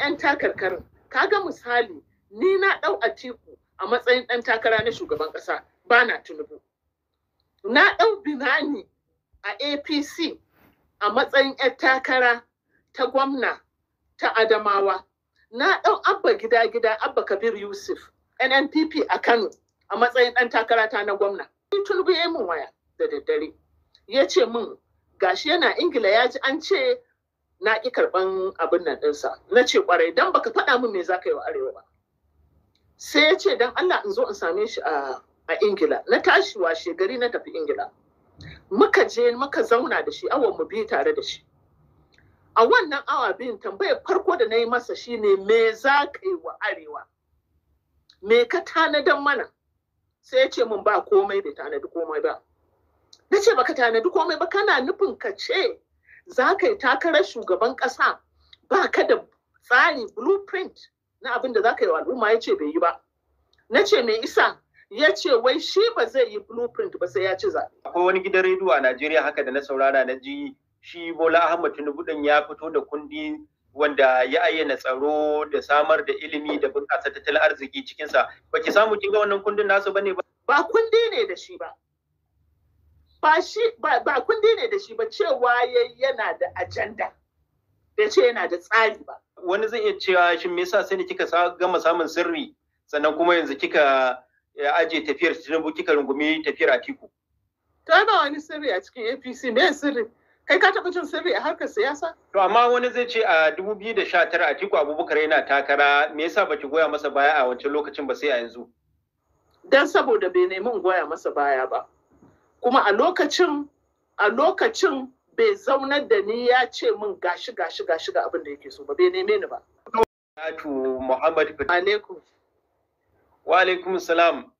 'yan takarkarin ga misali ni na ɗau atiku a matsayin ɗan takara na shugaban ƙasa ba na tunubu na ɗau binani a apc a matsayin 'yan takara ta gwamna ta adamawa na ɗau abba gida gida abba kabir yusuf nnpp a kano a matsayin ɗan takara ta na gwamna Ni tunubu ya yi min waya da daddare ya ce min gashi yana ingila ya ji an ce na ƙi karɓan abin nan ɗinsa na ce ƙwarai dan baka faɗa min me za ka yi wa arewa ba sai ya ce dan Allah in zo in same shi a Ingila na tashi washe gari na tafi Ingila muka je muka zauna da shi awon mu biyu tare da shi a wannan awa bin tambayar farko da na yi masa shine me za ka yi wa arewa me ka tanadan mana sai ya ce min ba komai bai tanadi komai ba na ce baka tanadi komai ba kana nufin ka ce za ka yi takarar shugaban ƙasa ba ka da tsari blueprint na abin da za ka yi al'umma ya ce bai yi ba na ce mai isa ya ce wai shi ba zai yi blueprint ba sai ya ci zaɓe. akwai wani gidan rediyo a najeriya haka da na saurara na ji shi bola ahmad tinubu ɗin ya fito da kundi wanda ya ayyana tsaro da samar da ilimi da bunƙasa tattalin arziki cikinsa ba ki samu kin ga wannan kundin nasu bane ba ba kundi ne da shi ba ba shi ba kundi ne da shi ba cewa yana da ajanda da ce yana da tsari ba wani zai iya cewa shin me yasa sai ne kika gama samun sirri sannan kuma yanzu kika eh, aje tafiyar Tinubu kika rungumi tafiyar Atiku to ba wani sirri a cikin APC me sirri kai ka taɓa jin sirri a harkar siyasa to amma wani zai ce a 2019 Atiku Abubakar yana takara me yasa baki goya masa baya a wancan lokacin ba sai a yanzu dan saboda bai nemi goya masa baya ba kuma a lokacin a lokacin bai zaunar da ni ya ce min gashi gashi gashi ga abin da yake so ba bai neme ni ba Muhammad alaikum wa alaikum salam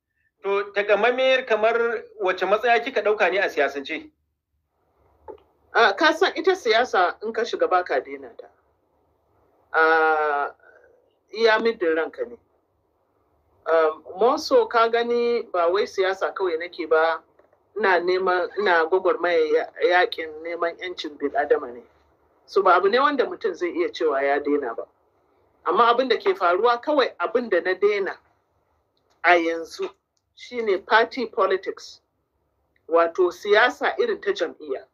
to takamammiyar kamar wace matsaya kika dauka ne a siyasance ka san ita siyasa in ka shiga baka daina ta uh, iya middin ranka ne um, ka gani ba wai siyasa kawai nake ba ina neman ina gwagwarmaya yakin neman yancin bil adama ne so ba abu ne wanda mutum zai iya cewa ya daina ba amma abin da ke faruwa kawai abin da na daina a yanzu shine party politics wato siyasa irin ta jam'iyya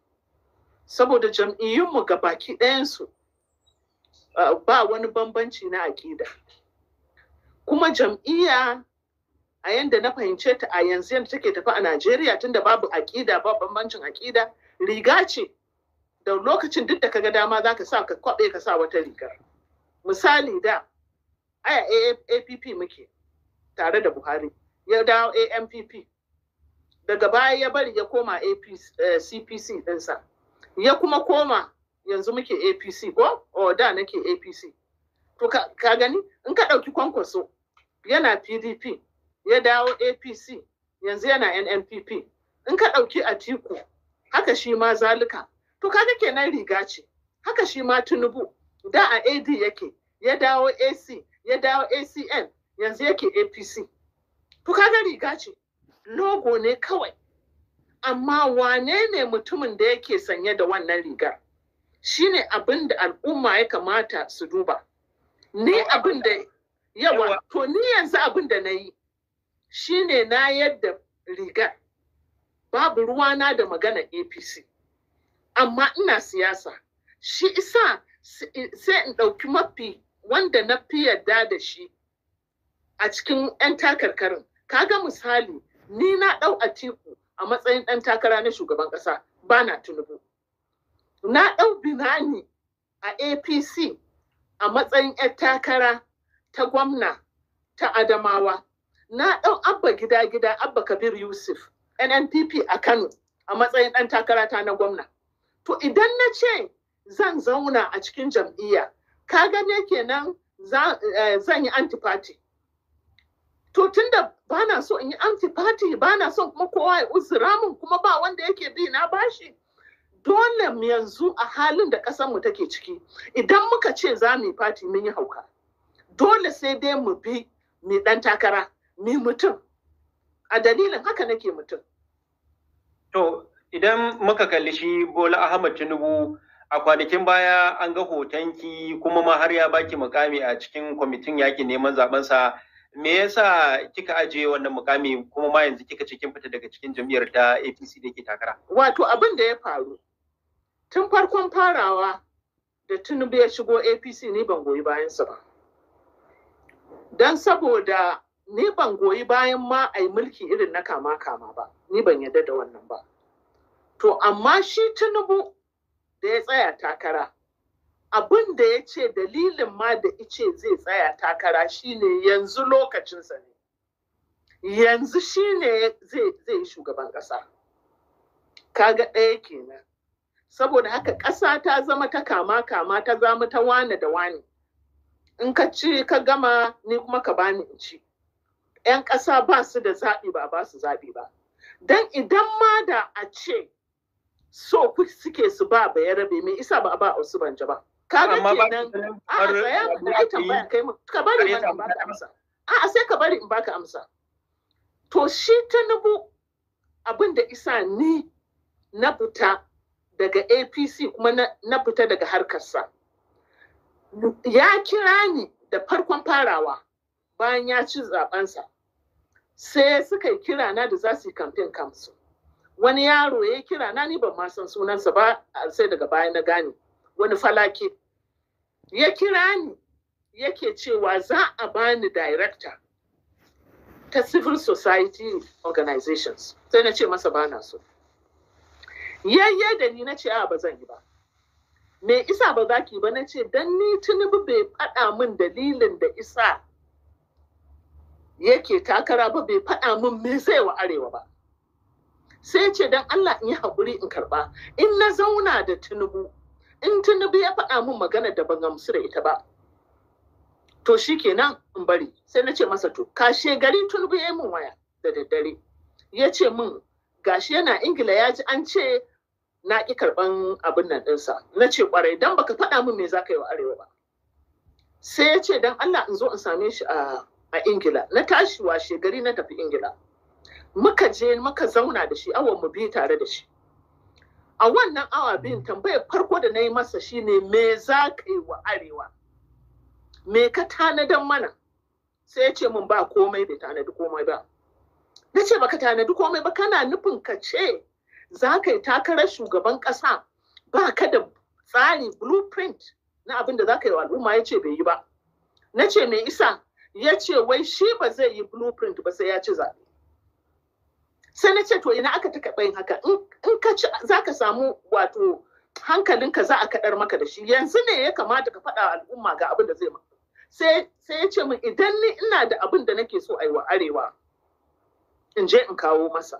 saboda jam'iyyunmu ga baki ɗayansu uh, ba wani bambanci na aƙida kuma jam'iyya a yanda na fahimce ta a yanzu yanda take tafi a Najeriya tunda babu aƙida ba bambancin aƙida riga ce da lokacin duk da kaga dama zaka sa ka kwabe ka sa wata rigar misali da aya APP muke tare da Buhari ya dawo AMPP daga baya ya bari ya koma CPC eh, ɗinsa ya kuma koma yanzu muke APC ko o da nake APC to ka gani in ka ɗauki kwankwaso yana PDP ya dawo apc yanzu yana nnpp in ka ɗauki a tiku haka shi ma zalika to kaga kenan riga ce haka shi ma tunubu. da a ad yake ya dawo ac ya dawo acn yanzu yake apc to kaga riga ce logo ne kawai amma wane ne mutumin da yake sanye da wannan rigar ne abin da al'umma ya kamata su duba ni abin da yawa to ni yanzu abin da na yi shine na yadda rigar babu ruwana da magana apc amma ina siyasa shi isa sai in ɗauki mafi wanda na fi yarda da shi a cikin 'yan takarkarin kaga misali ni na ɗau a atiku a matsayin ɗan takara na shugaban ƙasa ba na tunubu na ɗau binani a apc a matsayin 'yan takara ta gwamna ta adamawa na ɗau abba gida gida abba kabir yusuf nnpp a kano a matsayin ɗan takarata na gwamna to idan na ce zan zauna a cikin jam'iyya ka gane kenan eh, zan yi antipati to tunda ba na so in yi antipati ba na so kuma kowa ya uzura mun kuma ba wanda yake bi na bashi dole mu yanzu a halin da ƙasar mu take ciki idan muka ce za mu yi fati mun yi hauka dole sai dai mu bi mu ɗan takara ni mutum a dalilin haka nake mutum to idan muka kalli shi bola ahmad tinubu a kwanakin baya an ga hotonki kuma ma har ya baki mukami a cikin kwamitin yakin neman zabensa me yasa kika ajiye wannan mukami kuma ma yanzu kika cikin fita daga cikin jam'iyyar ta APC da ke takara wato abin da ya faru tun farkon farawa da Tinubu ya shigo APC ni ban goyi bayansa ba don saboda ni ban goyi bayan ma a yi mulki irin na kama kama ba ni ban yadda da wannan ba to amma shi tinubu da ya tsaya takara abin da ya ce dalilin ma da ice zai tsaya takara shine yanzu lokacinsa ne yanzu shine zai yi shugaban ƙasa kaga ɗaya kenan saboda haka ƙasa ta zama ta kama kama ta zama ta wane da wane in ka ci ka gama ni kuma ka bani in ci 'yan ƙasa ba su da zaɓi ba ba su zaɓi ba don idan ma da a ce so suke su ba rabe mai isa ba ba su ba nan, a tsaya yi tambaya kai mu ka bari amsa A'a sai ka bari in baka amsa to shi ta nubu abin da isa ni na fita daga apc kuma na fita daga harkarsa ya kira ni da farkon farawa bayan ya ci zaɓensa sai suka yi kira na da za su yi kamfen kamsu wani yaro ya yi kira na ni ban ma san sunansa ba sai daga baya na gane wani falake ya kira ni yake cewa za a bani director ta civil society organizations sai na ce masa ba na so yayye da ni na ce a ba zan yi ba me isa ba za ki ba na ce dan ni tunubu bai faɗa min dalilin da isa yake takara ba bai faɗa min me zai wa arewa ba sai ce dan Allah in yi hakuri in karɓa in na zauna da tunubu, in tunubu ya faɗa min magana da ban gamsu da ita ba to shi kenan in bari sai na ce masa to kashe gari tunubu ya yi min waya da daddare ya ce min gashi yana ingila ya ji an ce na ƙi karɓan abin nan ɗinsa na ce ƙwarai dan baka faɗa min me za ka yi wa arewa ba sai ya ce dan Allah in zo in same shi a a ingila na tashi washe gari na tafi ingila muka je muka zauna da shi awon mu biyu tare da shi a wannan awa biyun mm. tambayar farko da na yi masa shine me za ka yi wa arewa me ka tanadan mana sai ya ce mun ba komai bai tanadi komai ba na ce baka tanadi komai ba kana nufin ka ce za ka yi takarar shugaban ƙasa ba ka da tsari blueprint na abin da za ka yi wa al'umma ya ce bai yi ba na ce me isa ya ce wai shi ba zai yi blueprint ba sai ya ci zaɓe sai na ce to ina aka ta yin haka in ka ci za ka samu wato hankalinka za a kaɗar maka da shi yanzu ne ya kamata ka faɗa al'umma ga abin da zai ma. sai ya ce min idan ni ina da abin da nake so a yi wa arewa in je in kawo masa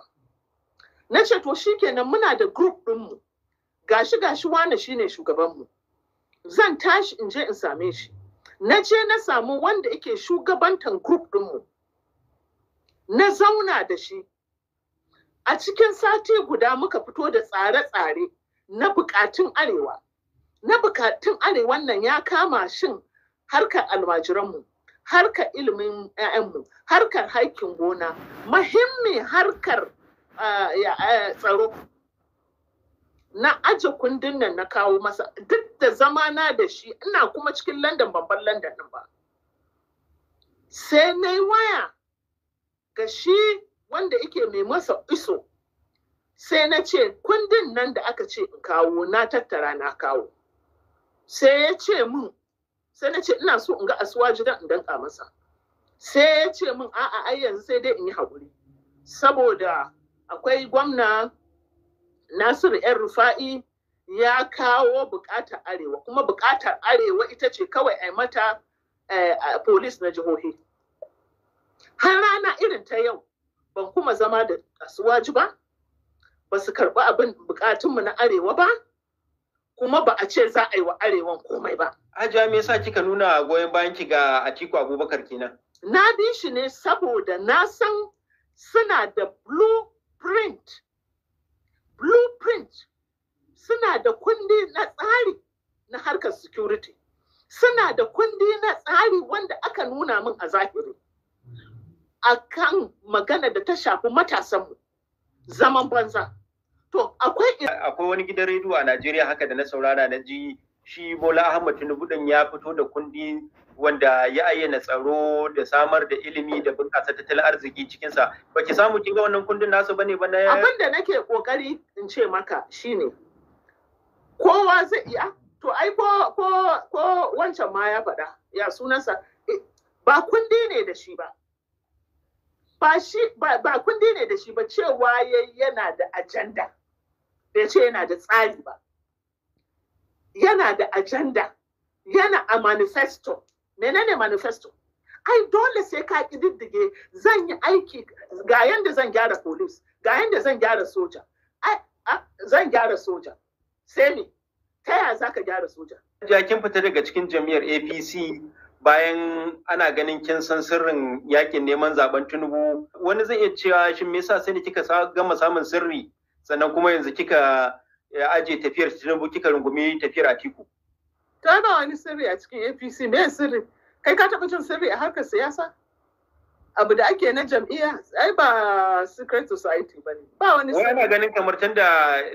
na ce to shi kenan muna da group ɗinmu gashi gashi wane shi ne shugabanmu zan tashi in je in same shi na je na samu wanda yake shugabantan group mu na zauna da shi a cikin sati guda muka fito da tsare-tsare na bukatun arewa na bukatun arewan nan ya kama shin harkar almajiranmu harkar ilimin 'ya'yanmu harkar haikin gona muhimmin harkar ah, eh, tsaro na aje kundin nan na kawo masa duk da zama na da shi ina kuma cikin london babban london din ba sai na yi waya ga shi wanda yake mai masa iso sai na ce kundin nan da aka ce in kawo na tattara na kawo sai ya ce min sai na ce ina so in ga asuwa jidan in danka masa sai ya ce min a'a ai yanzu sai dai in yi haƙuri saboda akwai gwamna Nasiru 'Yar Rufa'i ya kawo buƙatar arewa, kuma buƙatar arewa ita ce kawai a mata eh, polis na jihohi. Har rana irin ta yau, ban kuma zama da kasuwaji ba, ba su karɓi abin buƙatunmu na arewa ba, kuma ba a ce za a yi wa arewan komai ba. Hajiya me yasa kika nuna goyon bayan ki ga Atiku Abubakar kenan? Na bi shi ne saboda na san suna da blueprint blueprint suna da kundi na tsari na harkar security suna da kundi na tsari wanda aka nuna min a zahiri a kan magana da ta shafi matasanmu zaman banza to akwai akwai wani gidan rediyo a najeriya haka da na saurara na ji shi bola ahmad tinubu ya fito da kundi wanda ya ayyana tsaro da samar da ilimi da bunƙasa tattalin arziki cikinsa ba ki samu kinga wannan kundin nasu bane ba na abin da nake kokari in ce maka shine kowa zai iya to ai ko ko ko wancan ma ya faɗa ya sunansa eh, ba kundi ne da shi ba ba shi ba, kundi ne da shi ba cewa yana da ajanda da ce yana da tsari ba yana da ajanda yana a manifesto menene manifesto ai dole sai ka kididdige zan yi aiki ga yanda zan gyara police ga yanda zan gyara soja ai zan gyara soja sai ni ta ya za ka gyara soja ja kin fita daga cikin jam'iyyar apc bayan ana ganin kin san sirrin yakin neman zaben tinubu wani zai iya cewa shin me yasa sai ne kika gama samun sirri sannan kuma yanzu kika eh, aje tafiyar tinubu kika rungumi tafiyar atiku ta wani sirri a cikin apc me sirri kai ka taɓa jin sirri a harkar siyasa abu da ake na jam'iyya ai ba secret society ba ne ba wani sirri ana ganin kamar tun da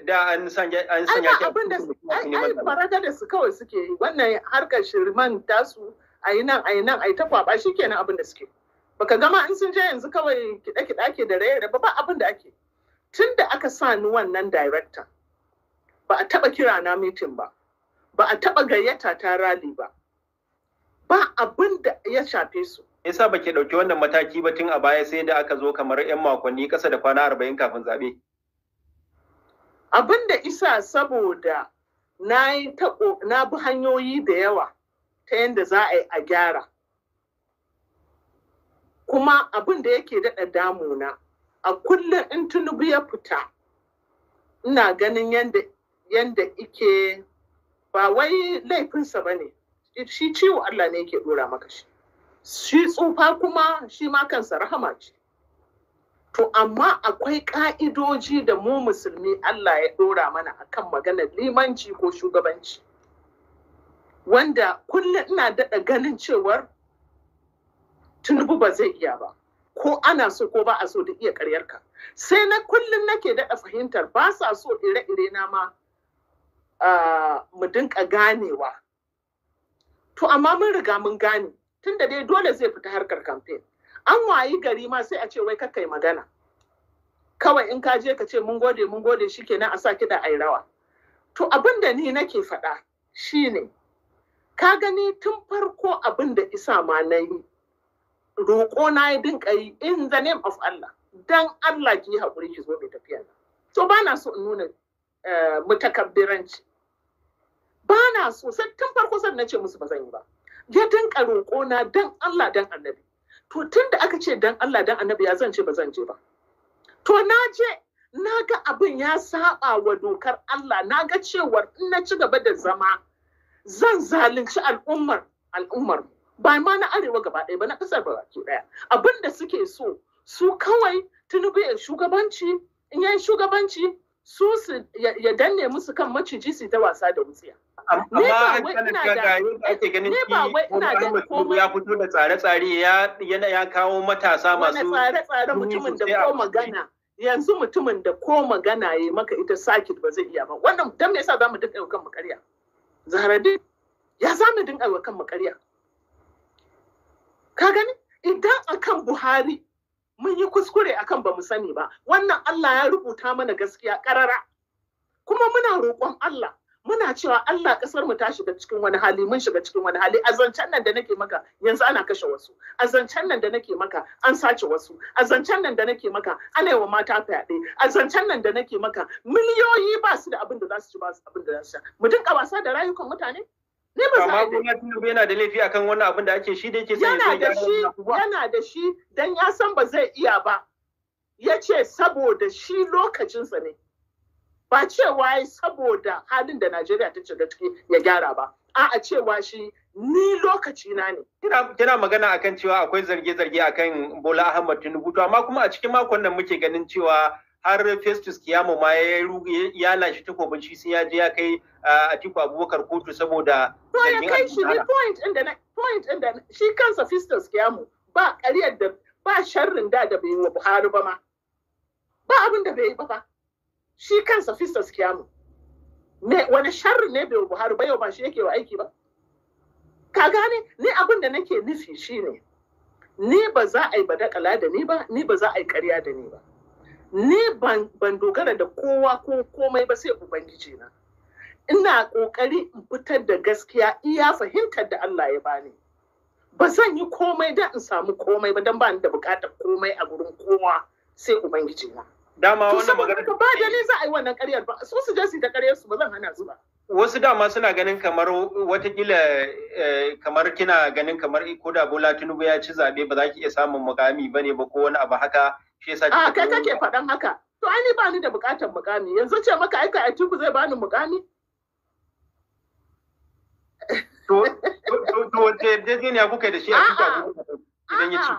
da an sanya an sanya ki abin da ai faraja da su kawai suke yi wannan harkar shirman tasu ayi nan ayi nan ayi ta kwaba shikenan abin da suke baka gama in sun je yanzu kawai kiɗa-kiɗa kiɗe ke da raye ba abin da ake tun da aka sa ni wannan director ba a taɓa kira na meeting ba ba a taɓa gayyata ta rali ba ba abin da ya shafe su yasa baki ke ɗauki wannan mataki ba tun a baya sai da aka zo kamar 'yan makonni kasa da kwana arba'in kafin zaɓe abin da isa saboda na bi hanyoyi da yawa ta yadda za a yi a gyara kuma abin da yake daɗa na, a kullum in tunubu ya fita ina ganin yadda ike ba wai laifinsa ba ne shi ciwo Allah ne yake ɗora maka shi shi tsufa kuma shi ma kansa rahama ce to amma akwai ƙa'idoji da mu musulmi Allah ya ɗora mana akan maganar limanci ko shugabanci wanda kullum ina daɗa ganin cewar tunubu ba zai iya ba ko ana so ko ba a so da iya ka. sai na kullum nake daɗa fahimtar ba sa so ire-ire na ma mu dinka ganewa to amma mun riga mun gane tun da dai dole zai fita harkar kamfen an wayi gari ma sai a ce wai kakai magana kawai in ka je ka ce mun gode mun gode shi kenan a sa kiɗa ai rawa to abin da ni nake faɗa shi ne, ka gani tun farko abin da isa ma na yi roƙo na ya dinka yi in the name of Allah dan Allah ki haƙuri ki zo mai tafiya to ba na so in nuna eh, mutakabbiranci ba na so tun farko san na ce musu ba zan yi ba ya dinka roƙo na dan Allah dan annabi to tun da aka ce dan Allah dan annabi ya zan ce ba zan je ba to na je na ga abin ya saba wa dokar Allah na ga cewar in na ci gaba da zama zan zalunci al'ummar al'ummar ba ma na arewa gaba ɗaya ba na ƙasar ba baki ɗaya abin da suke so su kawai tinubu ya shugabanci in yayi shugabanci su ya danne musu kan maciji su ta wasa da wutsiya. amma ga gayin ake ganin shi wani ya fito da tsare-tsare ya kawo matasa masu tsare-tsare mutumin da ko magana yanzu mutumin da ko magana ya maka ita sakit ba zai iya ba wannan dan me yasa zamu dinga yau kan makarya zaharadi ya zamu dinga yau kan makarya ka gani idan akan buhari mun yi kuskure akan ba mu sani ba wannan Allah ya rubuta mana gaskiya karara kuma muna roƙon Allah muna cewa Allah kasar mu ta shiga cikin wani hali mun shiga cikin wani hali a zancen nan da nake maka yanzu ana kashe wasu a zancen nan da nake maka an sace wasu a zancen nan da nake maka ana wa mata fyaɗe a zancen nan da nake maka miliyoyi ba su da abin da za su ci ba su abin da za su sha mu dinka wasa da rayukan mutane ne ba amma gwamnati Tinubu yana da laifi akan wannan abin da ake shi da yake sai yana da shi yana da shi dan ya san ba zai iya ba yace saboda shi lokacinsa ne ba cewa saboda halin da Najeriya ta ce take ya gyara ba a cewa shi ni lokaci na ne kina magana akan cewa akwai zarge-zarge akan Bola Ahmad Tinubu to amma kuma a cikin makon nan muke ganin cewa har Festus Kiyamo ma ya ya lashe takobin shi sai ya je ya kai Atiku Abubakar kotu saboda to ya kai shi ni point din da point din da shi kansa Festus Kiyamo ba ƙaryar da ba sharrin da da bai yi wa Buhari ba ma ba abin da bai yi ba shi kansa sisters kiyamu ne wani sharri ne bai buhari ba yau ba shi yake wa aiki ba ka gane ni abin da nake nufi ne. ni ba za a yi badakala da ni ba ni ba za a yi karya da ni ba ni ban dogara da kowa ko komai ba sai ubangiji na ina kokari in fitar da gaskiya iya fahimtar da Allah ya bani ba zan yi komai da in samu komai ba dan ba ni da bukatar komai a gurin kowa sai ubangiji na dama wannan magana ba dalili za a yi wannan ƙaryar ba su su je su ta ƙaryar su ba zan hana su ba wasu dama suna ganin kamar watakila eh, kamar kina ganin kamar ko da Bola Tinubu ya ci zabe ba za ki iya samun mukami bane ba ko wani abu haka shi yasa a kai kake faɗan haka to ai ni ba ni da buƙatar mukami yanzu ce maka aika a tuku zai bani mukami to to to to ne kuka da shi a tuka idan ya ci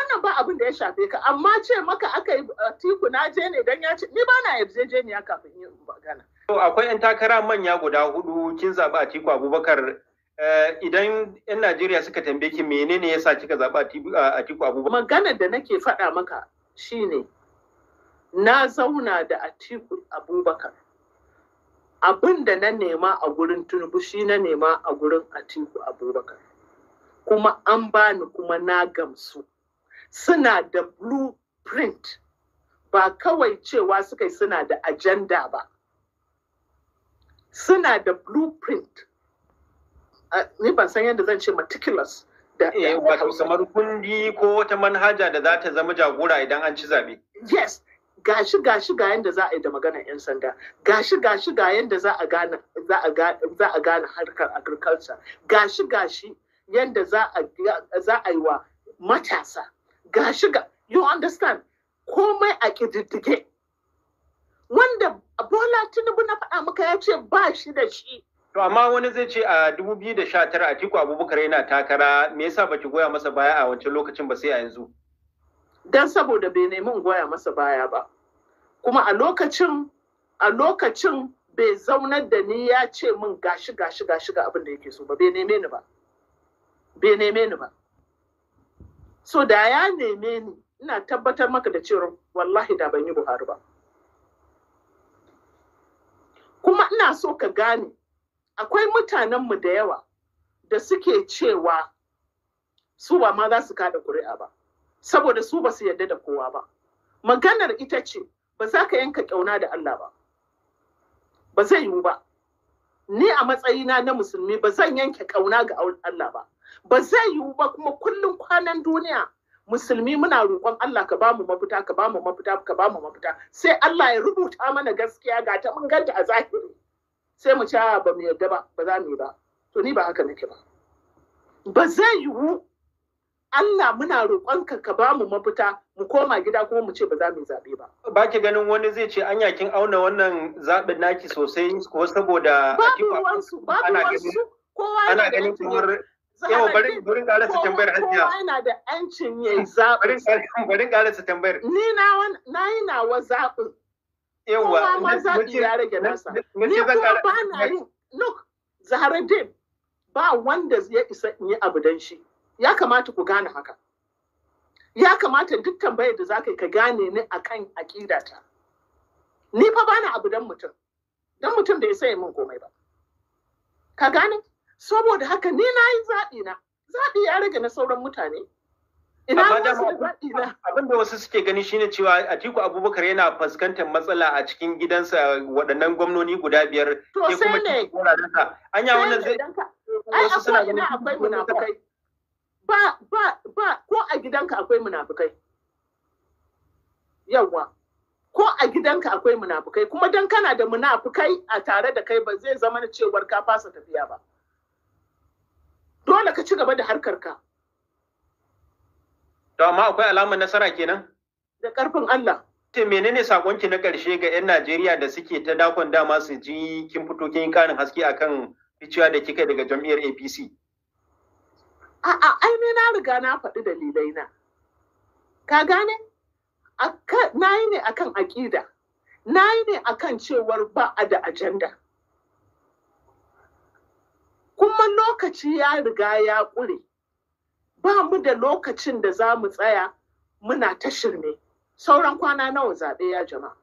wannan ba abin da ya shafe ka amma ce maka aka yi eh, tiku na je ne don ya ce ni ba na yarjejeniya kafin yin magana. To akwai 'yan takara manya guda hudu kin zaɓi a tiku Abubakar eh, idan 'yan Najeriya suka tambaye ki menene ya sa kika zaɓi a tiku eh, Abubakar. Maganar da nake faɗa maka shine na zauna da Atiku Abubakar. Abin da na nema a gurin Tinubu shi na nema a gurin Atiku Abubakar. Kuma an bani kuma na gamsu. suna da blueprint ba kawai cewa suka yi suna da agenda ba suna da blueprint ni ban san yadda zan ce meticulous da eh, wato kamar kundi ko wata manhaja da za ta zama jagora idan an ci zabe yes gashi gashi ga yadda za a yi da maganar 'yan sanda gashi gashi ga yadda za a gane za a gane harkar agriculture gashi gashi yadda za a yi wa matasa ga shi you understand komai a ƙididdige wanda bola tinubu na faɗa maka ya ce ba shi da shi to amma wani zai ce a 2019 atiku abubakar yana takara me yasa baki goya masa baya a wancan lokacin ba sai a yanzu dan saboda bai nemi goya masa baya ba kuma a lokacin a lokacin bai zaunar da ni ya ce min gashi gashi gashi ga abin da yake so ba bai neme ni ba bai neme ni ba so da ya neme ni ina tabbatar maka da cewa wallahi da ban yi buhari ba kuma ina so ka gane akwai mutanenmu da yawa da suke cewa su ba ma za su kada kuri'a ba saboda su ba su yarda da kowa ba maganar ita ce ba za ka yanka ƙyauna da Allah ba ba zai yiwu ba ni a matsayina na musulmi ba zan yanke ƙauna ga Allah ba ba zai yiwu ba kuma kullum kwanan duniya musulmi muna roƙon Allah ka bamu mafita ka bamu mafita ka bamu mafita sai Allah ya rubuta mana gaskiya ga ta mun ganta a zahiri sai mu cewa ba mu yarda ba ba za mu yi ba to ni ba haka nake ba ba zai yiwu Allah muna roƙon ka ba mu mafita mu koma gida kuma mu ce ba za mu zaɓe ba. Ba ki ganin wani zai ce anya kin auna wannan zaɓin naki sosai ko saboda babu ruwansu babu ruwansu kowa ana ganin kamar yau bari bari karasa tambayar hajiya kowa yana da yancin ya zaɓi bari karasa tambayar ni na na yi nawa zaɓin kowa ma zaɓi ya rage nasa ni kuma ba na yi look zahara din ba wanda ya isa in yi abu dan shi ya kamata ku gane haka ya kamata duk tambayar da zaka yi ka gane ni akan aƙidata ni fa bana abu dan mutum dan mutum da ya sai min komai ba ka gane saboda haka ni na yi zaɓi na zaɓi ya rage na sauran mutane ina zaɓi na abin da wasu suke gani shine cewa Atiku Abubakar yana fuskantar matsala a cikin gidansa waɗannan gwamnoni guda biyar to sai ne anya wannan zai ai akwai ina akwai munafukai ba ba ba ko a gidanka akwai munafukai yawa ko a gidanka akwai munafukai kuma dan kana da munafukai a tare da kai ba zai zama cewar ka fasa tafiya ba dole ka ci gaba da harkar ka to amma akwai alamar nasara kenan da karfin Allah te menene sakonki na karshe ga 'yan Najeriya da suke ta dakon dama su ji kin fito kin karin haske akan ficiya da kika daga jam'iyyar APC a'a ai ne na riga na faɗi dalilai na ka gane na yi ne akan aƙida na yi ne akan cewar ba a da ajanda kuma lokaci ya riga ya ƙure ba mu da lokacin da za mu tsaya muna ta shirme sauran kwana nawa zaɓe ya jama'a.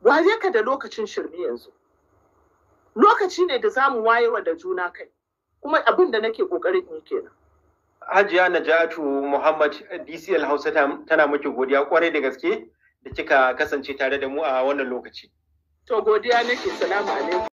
waye ka da lokacin shirme yanzu lokaci ne da za mu wayewa da juna kai kuma abin da nake ƙoƙarin yi kenan Hajiya Najatu Muhammad DCL Hausa tana miki godiya kwarai da gaske da kika kasance tare da mu a wannan lokaci. To godiya nake salamu alaikum.